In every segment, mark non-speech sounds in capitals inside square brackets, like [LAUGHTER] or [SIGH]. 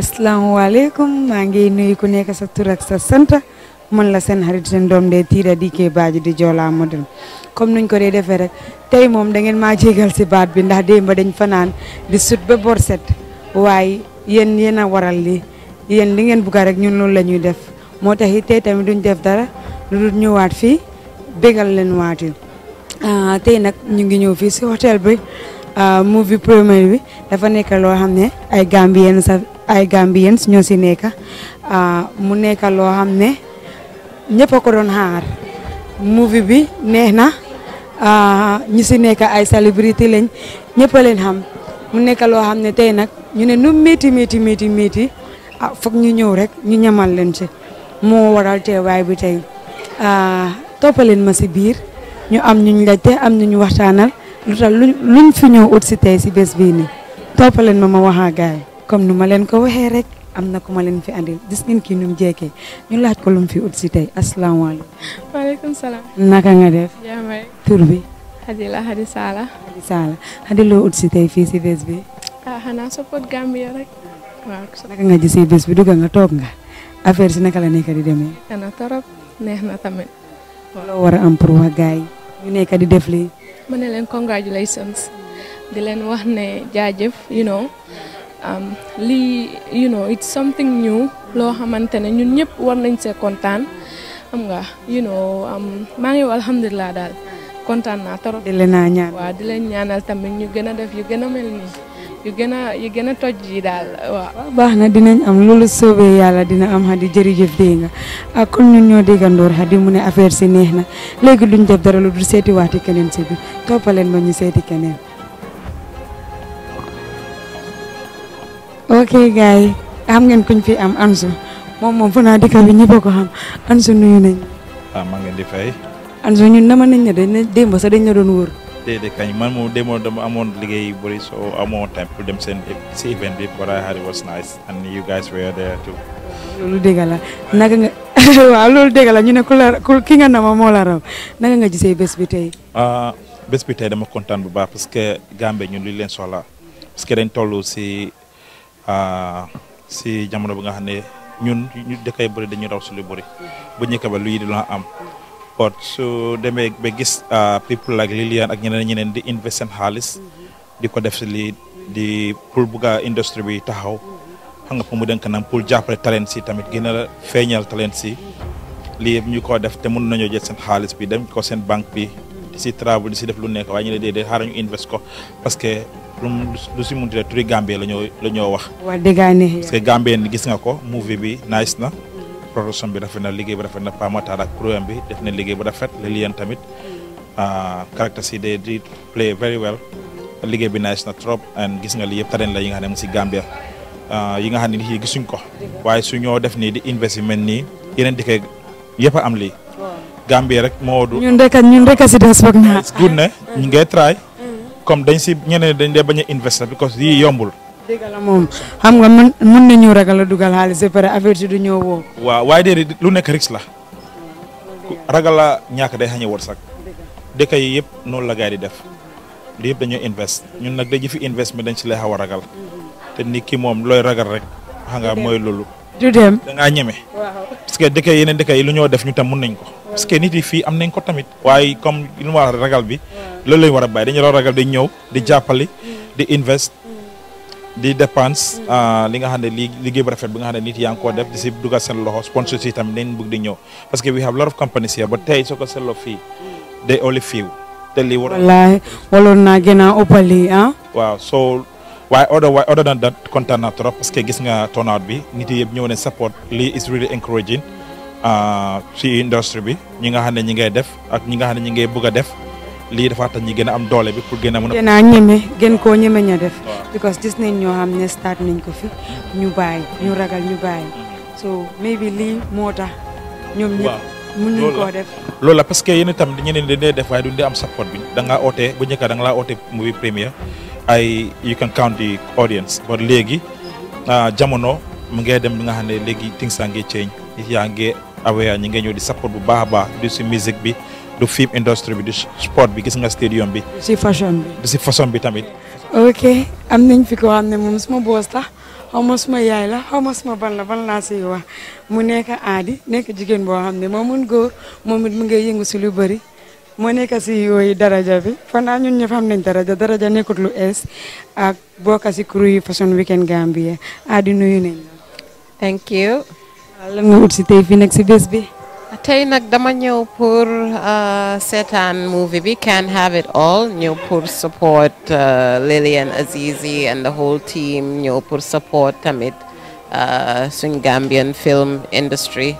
asalaamaaleykum maa ngi nuy ku nekk sa tur ak sa sant man la seen xarit seen doom de tiida di kee baaji di Joola Modern comme nuñ ko dee defee rek tey moom da ngeen maa jégal si baat bi ndax démb dañ fanaan di sut ba bor set waaye yéen yéen a waral li yéen li ngeen bugga rek ñun loolu la ñuy def moo tax it tey tamit duñ def dara lu dul ñëwaat fii bégal leen waat waati ah, tey nag ñu ngi ñëw fii si hôtel bi Euh, movie premiere bi dafa nekkaloo xam ne ay Gambien sa ay ñoo si nekk euh, mu nekk loo xam ne ñëpp a ko doon xaar movie bi neex na euh, ñu si nekk ay célébrité lañ ñëpp leen xam mu nekk loo xam ne tey nag ñu ne nu métti métti métti métti ah foog ñu ñëw rek ñu ñamal leen ci moo waral teewaay bi tey toppaleen ma si biir ñu am ñu ñu laajte am ñu ñu waxtaanal. lutax luñ fi ñëw ut si tey si bés bii nii toppaleen ma ma waxaa gaay comme nu ma leen ko waxee rek amna na ma leen fi andil gis ngeen ki ñum jéké ñu laaj ko lu mu fi tay assalamu alaykum wa alaykum salam naka nga def. jaam ya, tour bi. Hadi la Hadi Saala. Hadi Saala Hadi loo ut si tey fii si bi. ah xanaa support Gambia rek. waaw naka nga gisee bés bi dugg nga tok nga affaire ci naka la nekk di démé ana torop neex na tamit. loo wara am pour wa gaay ñu nekk di def li ma congratulations di len wax ne jaajeuf you know um, li you know it's something new lo xamantene ñun ñëpp war nañ contane xam nga you know um, ma ngi kontan dal contane na torop di leen ñaan wa di len ñaanal tamit ñu gëna def yu gëna melni yu gëna yu gëna toj yi dal waaw. baxna dinañ am lolu sobe yalla dina am xadi jërëjëf de nga ak ah, kon ñun ñoo déggandoor hadi mu ne affaire ci neexna na léegi duñ def dara lu du seeti waati keneen ci bi toppaleen ma ñu seeti keneen. ok gars am ngeen kuñ fi am anzu mom mom fu naa dëkk bi ñëpp ko xam anzu nuyu nañ. ah ma ngeen di fay. anzu ñun dama nañ ne dañ demba sa dañ na doon wóor de kañ man mo demo dama amone liggey bari so amo time pour dem sen ci event bi but I had it was nice and you guys were there too lolu degala naga nga [LAUGHS] wa lolu degala ñu ne ku ki nga nama mo la raw naga nga gisee bes bi tay ah bes bi tay dama contane bu baax parce que gambe ñun li leen soxla parce que dañ tollu ci ah ci jamono bu nga xamne ñun ñu dekay bari dañu raw ci lu bari bu ba lu yi di am but su demee ba gis ah, people like Lilian ak ñeneen ñeneen di invest seen xaalis di ko def si lii di pour bugg a industrie bi taxaw xam nga pour mu dénk nag pour jàppale talent si tamit gën a feeñal talent si lii yëpp ñu ko def te mën nañoo jël seen xaalis bi dem ko seen banque bi si travail di si def lu nekk waaye ñu ne déedéet xaaral ñu invest ko parce que lu si munti rek turi Gambie la ñoo la ñoo wax. waa dëgg parce gis nga ko movie bi nice na. production bi rafet na liggéey bi rafet na Pamataar ak kuréelam bi def na liggéey bu rafet Lilian tamit hmm. ah, character ci dey di play very well hmm. liggéey bi nice na trop and gis nga li yeb talent la yi nga xam ne mu si Gambia ah, yi nga xam ni gis suñ ko waye su ñoo def ni di investment ni yenen dikay yëpp am li Gambia rek mo do ñun rek ñun rek si dess bok na good ne hmm. ñu ngay try comme dañ ci ñene dañ dé baña invest because yi yombul dégg la moom xam nga mën mën ñu ragal a dugal xaalis ba pare affaire si du ñëw woo. waaw waaye déedéet lu nekk risque la. ragal a ñàkk day xañe wërsëg. dëkk yi yëpp noonu la gars yi def. li yëpp dañoo invest ñun nag dañu fi invest mi dañ si lay xaw a ragal. te nit ki moom looy ragal rek. xam nga mooy loolu. du dem da ngaa ñeme. parce que dëkk yeneen dëkk yi lu ñoo def ñu tam mun nañ ko. parce que nit yi fii am nañ ko tamit. waaye comme li ma ragal bi. lool lañ war a bàyyi dañu war ragal di ñëw di jàppale di invest. di dépense ah, li nga xamné ligue bu rafet bi nga xamné nit yang ko def di dugal sen loxo sponsor ci tam dañ bëgg di ñëw parce que we have lot of companies here but tay soko ko fi fee. they only few te li war wallahi walon na gëna opali hein ah. wow so why other why other than that kontaan naa trop parce que gis nga turnout bi nit yeb ñëw ne support li is really encouraging ci ah, industry bi ñi nga xamné ñi ngay def ak ñi nga xamné ñi ngay bëgg def li dafa tax ñi gëna am doole bi pour gëna mëna gëna ñëmé gën ko ñëmé because gis nañ ñoo xam ne start nañ ko fi ñu bàyyi ñu ragal ñu bàyyi mm-hmm. so maybe lii moo tax ñoom ñëpp mun nañ koo def loolu la parce que yéen itam ñeneen dañ dee def waaye duñ dee am support bi da ngaa ootee bu njëkk da nga laa ootee movie premiere ay you can count the audience but léegi mm-hmm. ah, jamono mu ngee dem bi nga xam ne léegi things a ngi change yaa ngi aware ñi nga ñëw di support bu baax a baax di si musique bi du film industry bi du sport bi gis nga stadium bi du si fashion bi du si fashion bi tamit ok am nañ fi ko xam ne moom suma boos la xaw ma suma yaay la xaw ma suma ban la ban laa siy wax mu nekk aadi nekk jigéen boo xam ne mun góor moom it mu ngi yëngu si lu bari moo nekk si e yooyu daraja bi fanaa ñun ñëpp xam nañ daraja daraja nekkut lu ees ak bokka si crew yi Fashion Weekend Gambia aadi nuyu nañ la thank you lan nga ut si tey fii nag si bés bi tey nag dama ñëw pour uh, seetaan movie We Can Have It All ñëw pour support uh, Lillian Azizi and the whole team ñëw pour support tamit uh, suñ Gambian film industry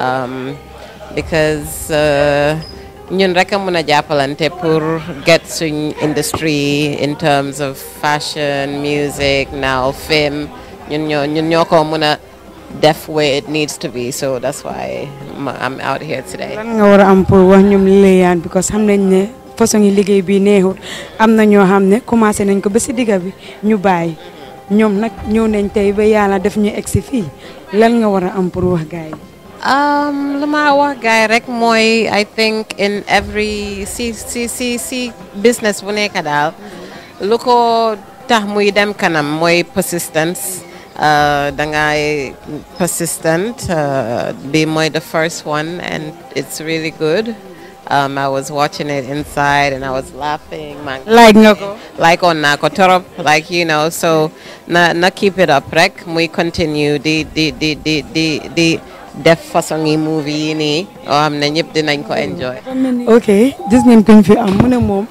um, because ñun rek a mun a jàppalante pour get suñ industry in terms of fashion music now film ñun ñoo ñun ñoo ko mun a def where it needs so that's why I'm out here today. lan nga war a am pour wax ñoom Lilliane because xam nañ ne façon yi liggéey bii neexut am na ñoo xam ne commencé nañ ko ba si digga bi ñu bàyyi ñoom nag ñëw nañ tey ba yàlla def ñu egg si fii lan nga war a am pour wax gaay yi. Um, li wax gaay rek mooy I think in every si si si si business bu nekk daal lu ko tax muy dem kanam mooy persistence. Uh, Dangai persistent uh, Be my the first one and it's really good um, I was watching it inside and I was laughing. Like nako. Like on nako Like you know, so na na keep it up. Rek we continue the the the the the the deaf fasongi movie ni. Um, oh, na nyip din enjoy. Okay, this name kung fi amune mom.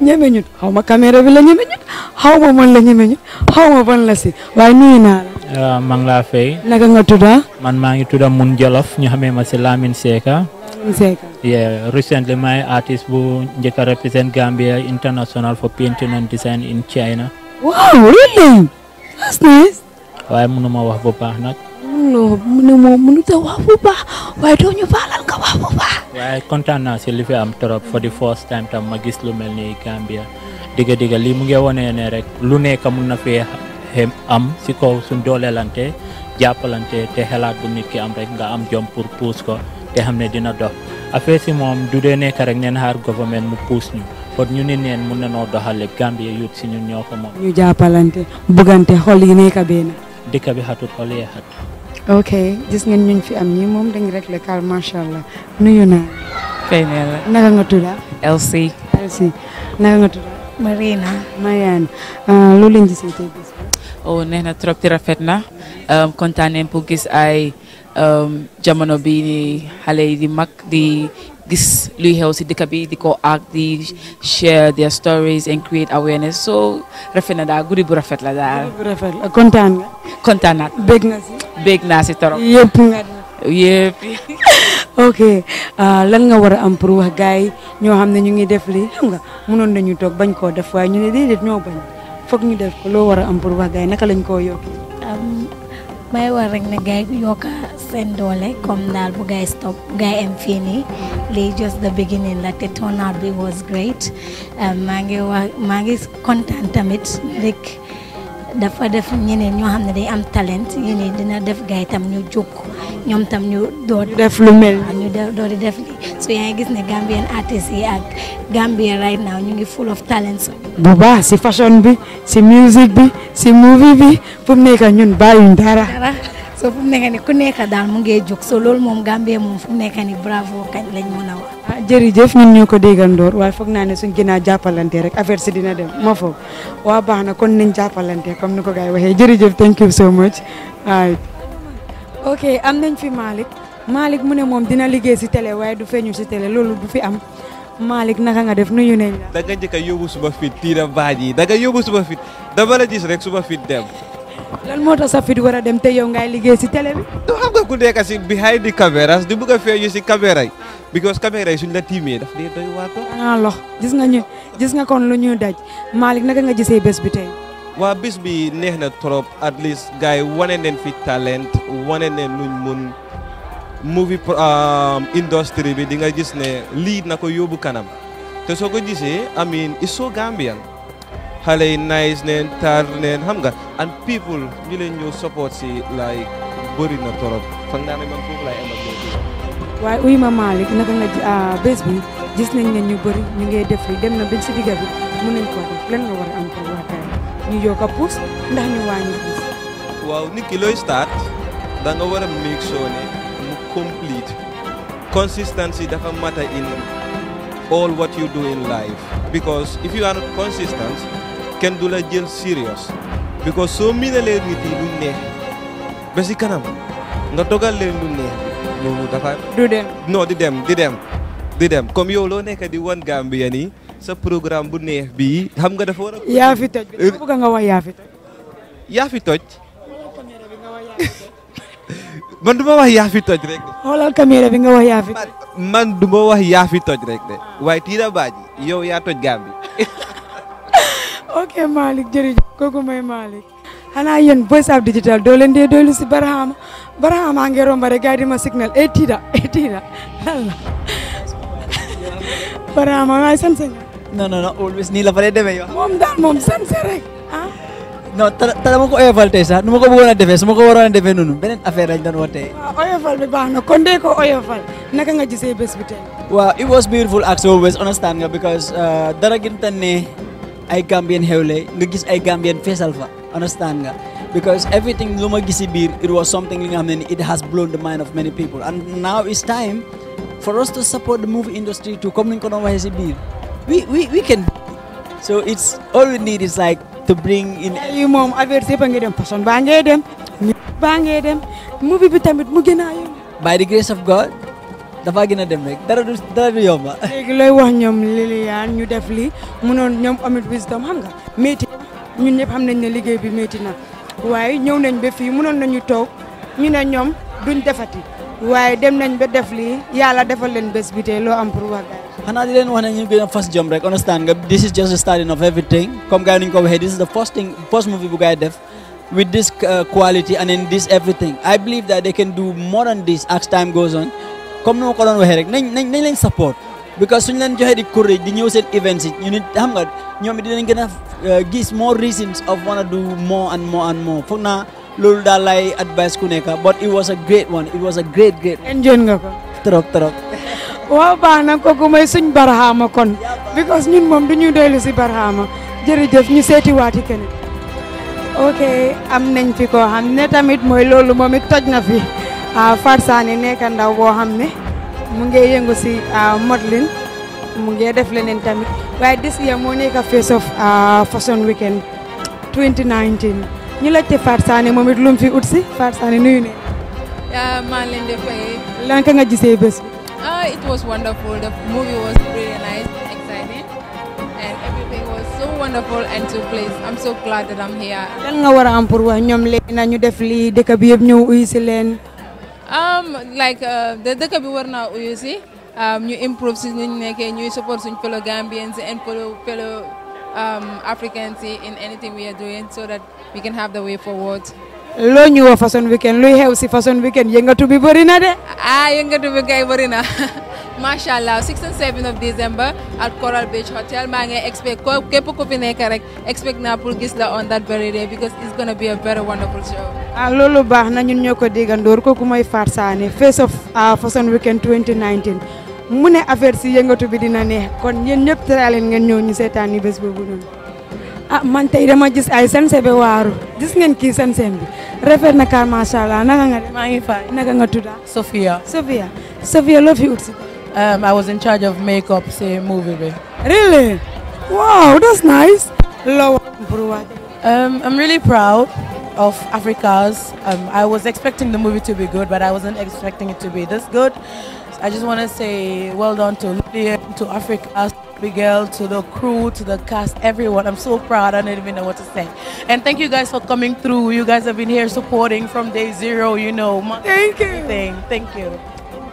ñemeñut xaw ma caméra bi la ñemeñut xaw ma man la ñemeñut xaw ma ban la ci way nuyu na la. Ah, maa ngi la fay. naka nga tudda. Ah? man ma ngi tudda Mun Jolof ñu xamé ma ci Lamine Seka. Seka. Yeah, recently my artist bu njëkk represent Gambia international for painting and design in China. Wow, really? That's nice. way mënuma wax bu baax nak non mu ne moom mënut a baax waaye doo ñu baalal nga wax bu baax. waaye kontaan naa si li fi am trop for the first time tam ma gis lu mel ni Gambia digga digga lii mu ngi wone ne rek lu nekk mun na si kaw suñ dooleelante jàppalante te xelaat nit ki am rek nga am jom pour puus ko te xam ne dina dox affaire si moom du dee nekk rek neen xaar government mu puus ñu ñu ne neen mun na noo doxale Gambia youth si ñun ñoo moom. ñu jàppalante buggante xol yi nekk benn. dëkk bi xatul xol yee xat. ok gis ngeen ñuñ fi am ñi moom dañ rek le kal macha allah nu naa. fay na la naka nga tudd. Elsie. Elsie naka nga tudd. Marina. Mariane loolu euh, lañ gisee tey bis bi. Oh, neex na trop ti rafet na euh, kontaan nañ pour gis ay euh, jamono bi ni xale yi di mag di. gis luy xew si dëkk bi di ko ak di share their stories and create awareness so rafet na daal guddi bu rafet la daal. kontaan nga. bëgg naa si torop yëpp nga yëpp [LAUGHS] ok ah, lan nga war a am pour wax gars yi ñoo xam ne ñu ngi def lii xam nga mënoon nañu toog bañ koo def waaye ñu ne déedéet ñoo bañ foog ñu def ko loo war a am pour wax gay naka lañ koo yokk may war rek ne gars yi yokk seen bu gars stop bu am fii nii lii just the beginning la te turnout bi was great ah, maa ngi wax tamit rek dafa def ñeneen ñoo xam ne day am talent ñeneen dina def gars tam ñu juk ñoom tam ñu doo def lu mel ñu doo di def li su yaa gis ne Gambian artistes yi ak Gambia right now ñu ngi full of talents bu baax si fashion bi si music bi si movie bi fu mu nekk ñun bàyyuñ dara so fu mu nekk nii ku nekk daal mu ngee jóg so lool moom Gambie moom fu mu nekk nii bravo kañ na mën a wax. ah ñun ñoo ko déggandoor waaye foog naa ne suñ gënaa jàppalante rek affaire si dina dem moo foog waa baax na kon nañ jàppalante comme ni ko gars yi waxee jërëjëf thank you so much waay. ok am nañ fi Malick Malick mu ne moom dina liggéey si télé waaye du feeñu si télé loolu bu fi am. Malick naka nga def nuyu nañ daga da nga njëkk a yóbbu suma fit tiira baaj yi da nga yóbbu suma fit dama la gis rek suma fit dem. lan moo tax sa fit war a dem te yow ngay liggéey si télé bi. non xam nga ku nekk si behind the cameras di bugg a feeñu si caméra yi. because caméra yi suñ la tiimee dafa di doy waat. xanaa lox gis nga ñu gis nga kon lu ñuy daj Malick naka nga gisee bes bi tey. waa bés bi neex na trop at least gars yi wane neen fi talent wane neen luñ mun movie um, industry bi di nga gis ne lii na ko yóbbu kanam te soo ko gisee I mean it's so Gambian. Halle nice name taar neen xam and people ñu leen support si like bëri na torop foog naa ne man foofu laay amal waaye uy ma Malick naka nga ah, bés bi gis nañ ne ñu bëri ñu ngi def li dem na bañ si digga bi mën ko def plan ngawar ang a New York waa Kayaar ñu yokk a puus ndax ñu start da nga war a make sure ne mu complete consistency dafa matter in all what you do in life because if you are consistent ken dula jël serious because so soo miinalee nit yi lu neex ba si kanam nga dogal leen lu neex loolu dafa. du dem no di dem di dem di dem comme yow lo nekk di won Gambia ni sa programme bu neex bi xam ya nga dafa wara ya fi toj bu nga wax ya fi toj. yaa fi toj. man duma wax ya fi toj rek holal xoolal caméra bi nga wax ya fi man duma wax ya fi toj rek de waaye tiida baaji yow ya toj Gambia. [LAUGHS] ok Malik jeri koku may Malik. xanaa yeen Voice of Digital doo leen dee doylu si Barhama Barhama ngi romba re gars ma signal etida etida et tiida lan la [LAUGHS] Barhama waay sant no. non non always ni la fa lay demee Mom mom mom moom san rek ah. non ta te dama ko oyofal tey sa numa ko bëggoon orang defee su ko waroon a nunu benen affaire lañ don wote waaw ah, oyofal bi baax na kon dee ko oyofal naka nga gisee bes bi wa it was beautiful as always understand nga because uh, dara gintane ay Gambian xewle nga gis ay Gambian face fa understand nga because everything lu ma it was something li nga it has blown the mind of many people and now it's time for us to support the movie industry to come ni ñu ko doon waxee si we we we can so it's all we need is like to bring in yi mom, affaire yëpp ngi dem façon baa dem dem movie bi tamit mu gën by the grace of God dafa gën a dem rek dara du dara du yomba. léegi looy wax ñoom Liliane ñu def li munoon ñoom amit wisdom xam nga métti ñun ñëpp xam nañ ne liggéey bi métti na waaye ñëw nañ ba fii munoon ñu toog ñu ne ñoom duñ defati waaye dem nañ ba def lii yàlla defal leen bés bi loo am pour wax xanaa di wax ne ñu gën a fas jom rek understand nga this is just the starting of everything comme gars yi ko waxee this is the first thing first movie bu gaay def with this uh, quality I believe that they can do more than this as time comme nu ma ko doon waxee rek nañ nañ nañ leen support because suñ leen joxee di courage di ñëw seen events yi ñu nit xam nga ñoom it dinañ gën a euh, gis more reasons of wanna do more and more and more foog naa loolu daal laay advice ku nekk but it was a great one it was a great great. enjoy nga ko. trop trop. waaw baax na ko mooy suñ barahama kon. because ñun moom du ñu doylu si barahama jërëjëf ñu seeti waati keneen. ok am nañ fi koo xam ne tamit mooy loolu moom it na fi. Ah, farsani nek kan nekk ndaw bo xamne mu ngi yengu si ah, modeling mu ngi def lenen tamit waye this year mo nekk face of ah, fashion weekend 2019 ñu la ci Sané momit lu mu fi ut farsani Fatou nuyu ne ya, ma len def ay lan ka nga gisee bes ah it was wonderful the movie was really nice exciting and everything was so wonderful and so pleased I'm so glad that I'm here lan nga wara am pour wax ñom leena ñu def li dekk bi yeb ñëw uy ci len um like uh, the dëkk bi war naa uyu si um, ñu improve si ñu nekkee ñuy support suñ fellow Gambians and fellow fellow um, Africans in anything we are doing so that we can have the way forward. loo ñu woo façon weekend luy xew si façon weekend yëngatu bi bëri na de. ah yëngatu bi kay bëri na. [LAUGHS] Mashallah, 6 and 7 of December at Coral Beach Hotel maa expect ko képp ku fi rek expect na pour gis la on that very day because it's gonna be a very wonderful show. ah lolu bax na ñun ñoo ko déggandoor kooku mooy Fatou Sané face of ah, Fashion Weekend 2019 Mune affaire ci yëngatu bi dina neex kon ñen ñep traalen ngeen ñoo ñu seetaan ni bés boobu noonu. ah man tay dama gis ay sanse be waru. gis ngeen ki sanse bi Refer na car mashallah na nga nga. ma ngi fa na nga tudda Sophia Sophia Sophia love you. Um, I was in charge of makeup, say, movie. Bay. Really? Wow, that's nice. Um, I'm really proud of Africa's. Um, I was expecting the movie to be good, but I wasn't expecting it to be this good. I just want to say well done to to Africa's Miguel, to the crew, to the cast, everyone. I'm so proud. I don't even know what to say. And thank you guys for coming through. You guys have been here supporting from day zero, you know. Thank you. Thank you.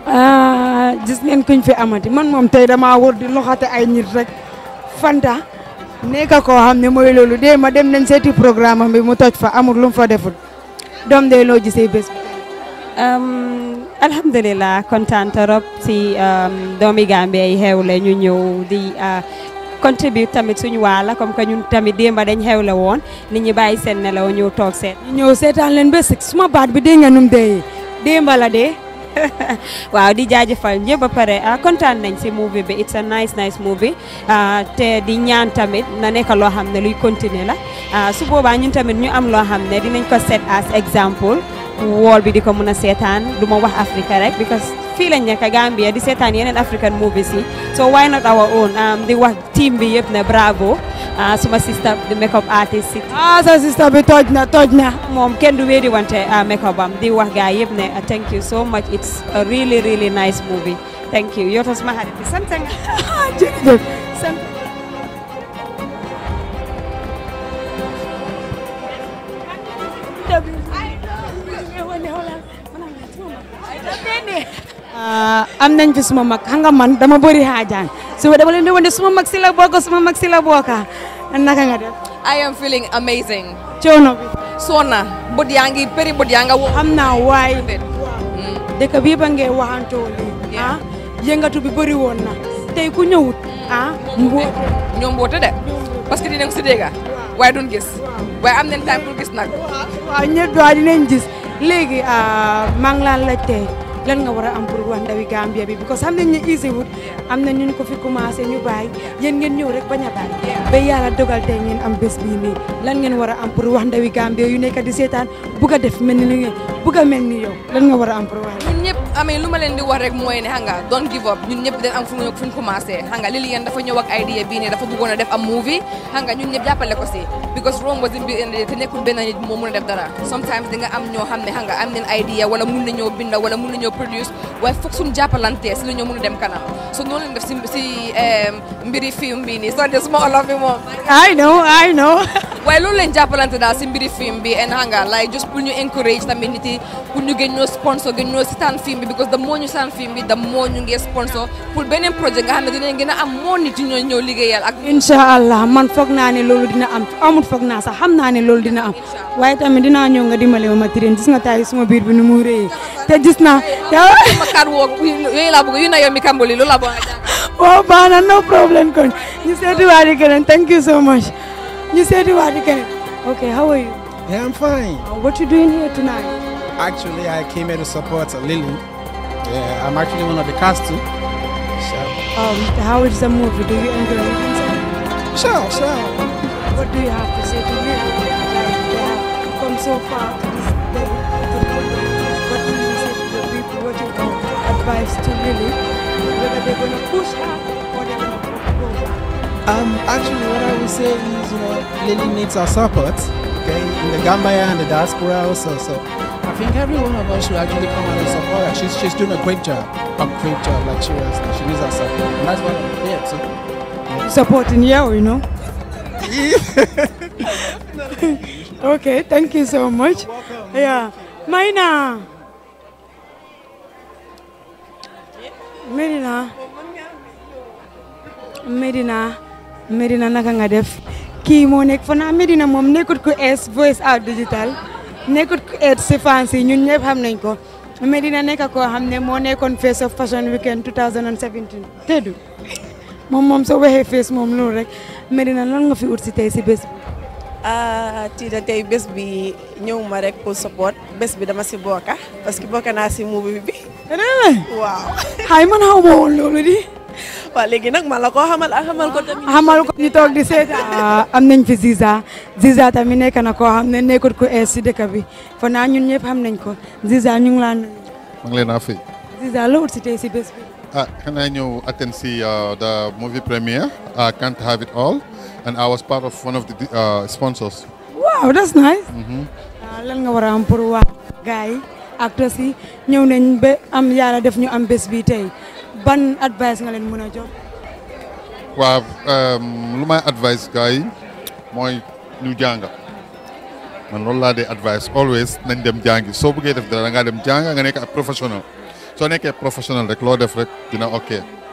Ah, gis ngeen kuñ fi amati man moom tey dama wër di loxate ay nit rek Fanta nekk koo xam ne mooy loolu dee ma dem nañ seeti programme am bi mu toj fa amul lu mu fa deful doom de loo gisee bés bi. Um, alhamdulilah kontaan trop si um, doomi Gambie yi xewle ñu ñëw di uh, contribute tamit suñu waala comme que ñun tamit démba dañ xewle woon nit ñi bàyyi seen nelaw ñëw toog seet. ñu ñëw seetaan leen ba suma baat bi dégg nga num dee démba la dee. [LAUGHS] waaw di jaajëfal ñëpp ba pare ah, kontaan nañ si movie bi it's a nice nice movie ah, te di ñaan tamit na nekk loo xam ne luy continuer la ah, su boobaa ñun tamit ñu am loo xam ne dinañ ko set as exemple wool bi di ko mën a seetaan du ma wax Africa rek because feeling niya ka Gambia, di setan yeneen African movie si so why not our own um, the wax team bi yëpp ne bravo uh, suma sister the makeup artist si ah sa sister bi toj na toj na moom kenn du weedi wante uh, makeup am di wax gaa yëpp ne thank you so much it's a really really nice movie thank you yow tam suma xarit Ah, am nañ fi suma mag xam nga man dama bëri xaajaan suba dama leen di wane suma mag si la bokk suma mag si la bokka naka nga def. I am feeling amazing. coono soona bët yaa ngi përi bët yaa nga woo. xam naa waay. Hmm. dëkk bii ba ngeen waxantoo lii. ah yëngatu bi bëri woon na. tey ku ñëwut. Hmm. ah mboot ñoom mboote de. parce que dinañ ko si dégg waaye duñ gis. waaye am na temps pour gis nag. waaw ñëpp waaye dinañ gis. léegi ah, maa ngi laa laaj tey. lan nga war a am pour wax ndawi Gambia bi because xam nañ ne easy wut am na ñu ko fi commencé ñu bàyyi yéen ngeen ñëw rek bañ a bàyyi ba yàlla dogal tey ngeen am bés bii nii lan ngeen war a am pour wax ndawi Gambia yu nekk di seetaan bugg a def mel ni ngeen bugg a mel ni yow lan nga war a am pour wax ñëpp amee lu ma leen di wax rek mooy ne xam don't give up ñun ñëpp dañ am fu ñu fu commencé xam nga dafa ñëw ak idea bii ne dafa bëggoon a def am movie xam nga ñun ñëpp jàppale ko si because Rome was in the end te nekkul benn nit moo mën a def dara sometimes di nga am ñoo xam ne am neen idea wala mun nañoo binda wala mun nañoo produce waaye foog suñu jàppalantee si la ñoo mën dem kanam so noonu lañ def si si mbiri film bii nii so des ma olof bi I know I know [LAUGHS] waaye loolu leen jàppalante daal si mbiri film bi and hanga like just pour ñu encourage tamit nit yi pour ñu gën ñoo sponsor gën ñoo sitaan film bi because da moo ñu sitaan film bi da moo ñu ngi sponsor pour beneen projet nga xam ne dinañ am moo nit yi ñoo ñëw liggéeyal ak incha allah man foog naa ne loolu dina am amul foog naa sax xam naa ne loolu dina am waaye tamit dinaa ñëw nga dimbale ma matériel gis nga taay suma biir bi nu mu te gis naa ma kat woo yooyu laa bëgg yu na yow mi kambali loolu laa bëgg waaw baax na no problème kon ñu seetuwaat yi keneen thank you so much You said you are again. Okay, how are you? Yeah, I'm fine. Uh, what you doing here tonight? Actually, I came here to support Lily. Yeah, I'm actually one of the cast too. So. Um, how is the movie? Do you enjoy it? Sure, sure. What do you have to say to me? Like, they have come so far to this day. What do you say to the people? What do you advise to Lily? Whether they're going to push her or they're going to um, actually, what I would say is, you know, Lily needs our support, okay, in the Gambia and the diaspora also. So I think every one of us should actually come out and support her. She's, she's doing a great job, a great job, like she was. She needs our support. And that's what I'm here so, yeah. Supporting you, you know. [LAUGHS] okay, thank you so much. Welcome. Yeah. Maina. Medina. Medina. Medina naka nga def kii moo nekk fa naa Medina moom nekkut ku ees voice out digital nekkut ku ees si fans yi ñun ñëpp xam nañ ko Medina nekk koo xam ne moo nekkoon face of fashion weekend 2017 teddu moom moom soo waxee face moom loolu rek Medina lan nga fi ut si tey si bés bi. ah tiita tey bés bi ñëw ma rek pour support bés bi dama si booka parce que bokk naa si movie bi. waaw. xay man xaw ma woon loolu di. waaw léegi nag man koo xamal ak xamal ko ko ñu toog di seet [LAUGHS] am nañ fi Ziza Ziza tamit nekk na koo xam ne nekkut ko ees si dëkk bi fa naa ñun ñëpp am nañ ko Ziza ñu ngi laa nuyu. maa ngi la wut si tey si bés bi. ah ñëw attend si uh, the movie premiere I uh, can't have it all uh, mm-hmm. ah, nga war a am pour wax gars yi acteurs ñëw nañ ba am yàlla def ñu am bés bi tey. ban advice nga leen mën a jox. waaw euh, lu may advice gars yi mooy ñu jàng man loolu laa dee advice always nañ dem jàngi soo bëggee def dara da ngaa dem jàng nga nekk a professionnel soo nekkee professionnel rek loo def rek dina ok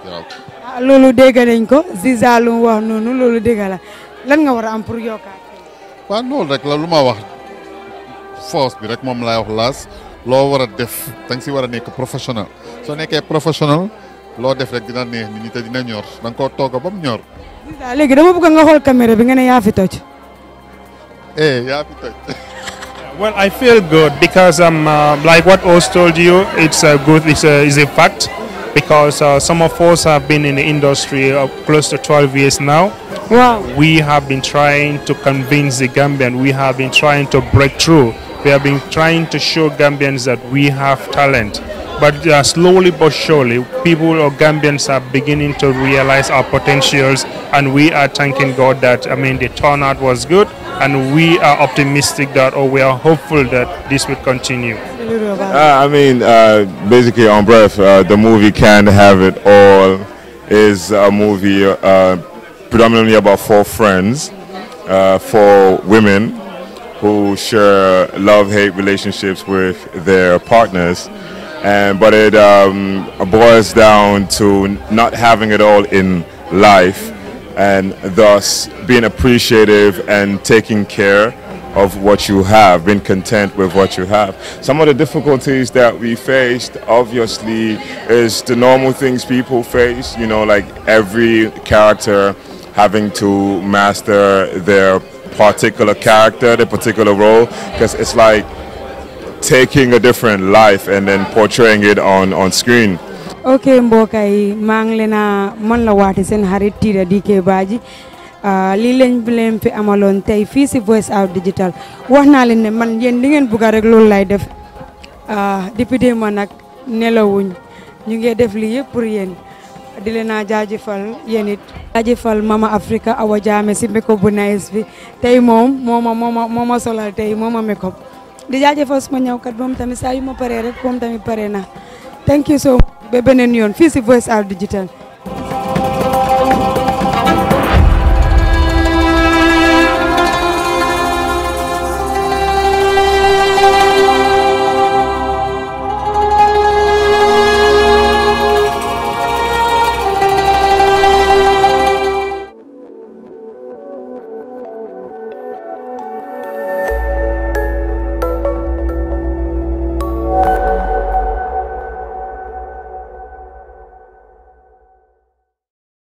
waaw. Ah, loolu dégg ko Ziza lu wax noonu loolu dégg lan nga war a am pour yokkaat. waaw loolu rek la lu ma wax force bi rek moom laay wax laas loo war a def da nga si war a nekk professionnel soo nekkee professionnel. def rek dina neex nit ñi te dina ñor ñor. dama bëgg nga caméra bi nga ne fi toj. eh fi toj. [LAUGHS] Well, I feel good because, um, uh, like what Oz told you, it's a good, it's a, is a fact because uh, some of us have been in the industry uh, close to 12 years now. Wow. We have been trying to convince the Gambian, we have been trying to break through. We have been trying to show Gambians that we have talent. But uh, slowly but surely, people or Gambians are beginning to realize our potentials, and we are thanking God that I mean the turnout was good, and we are optimistic that or we are hopeful that this will continue. Uh, I mean, uh, basically, on breath, uh, the movie can have it all. Is a movie uh, predominantly about four friends, uh, four women who share love hate relationships with their partners and um, but it um, boils down to not having it all in life, and thus being appreciative and taking care of what you have, being content with what you have. Some of the difficulties that we faced, obviously, is the normal things people face. You know, like every character having to master their particular character, their particular role, because it's like taking a different life and then portraying it on, on screen. ok mbokk yi maa ngi leen a man la waate seen xarit Tida DK Badji ah, lii leen leen fi amaloon Voice Out Digital One naa leen ne man yéen li ngeen bugga rek loolu lay def ah, député ma nag nelawuñ ñu ngi def lii yëpp pour yéen mama Africa Awa Jammeh si makeup bu nice bi tey moom mooma mama, mooma solal tey mooma makeup di jaajëfal suma kat moom tamit saa yu ma paree rek moom tamit pare na thank you so ba beneen yoon fii si Voice Out Digital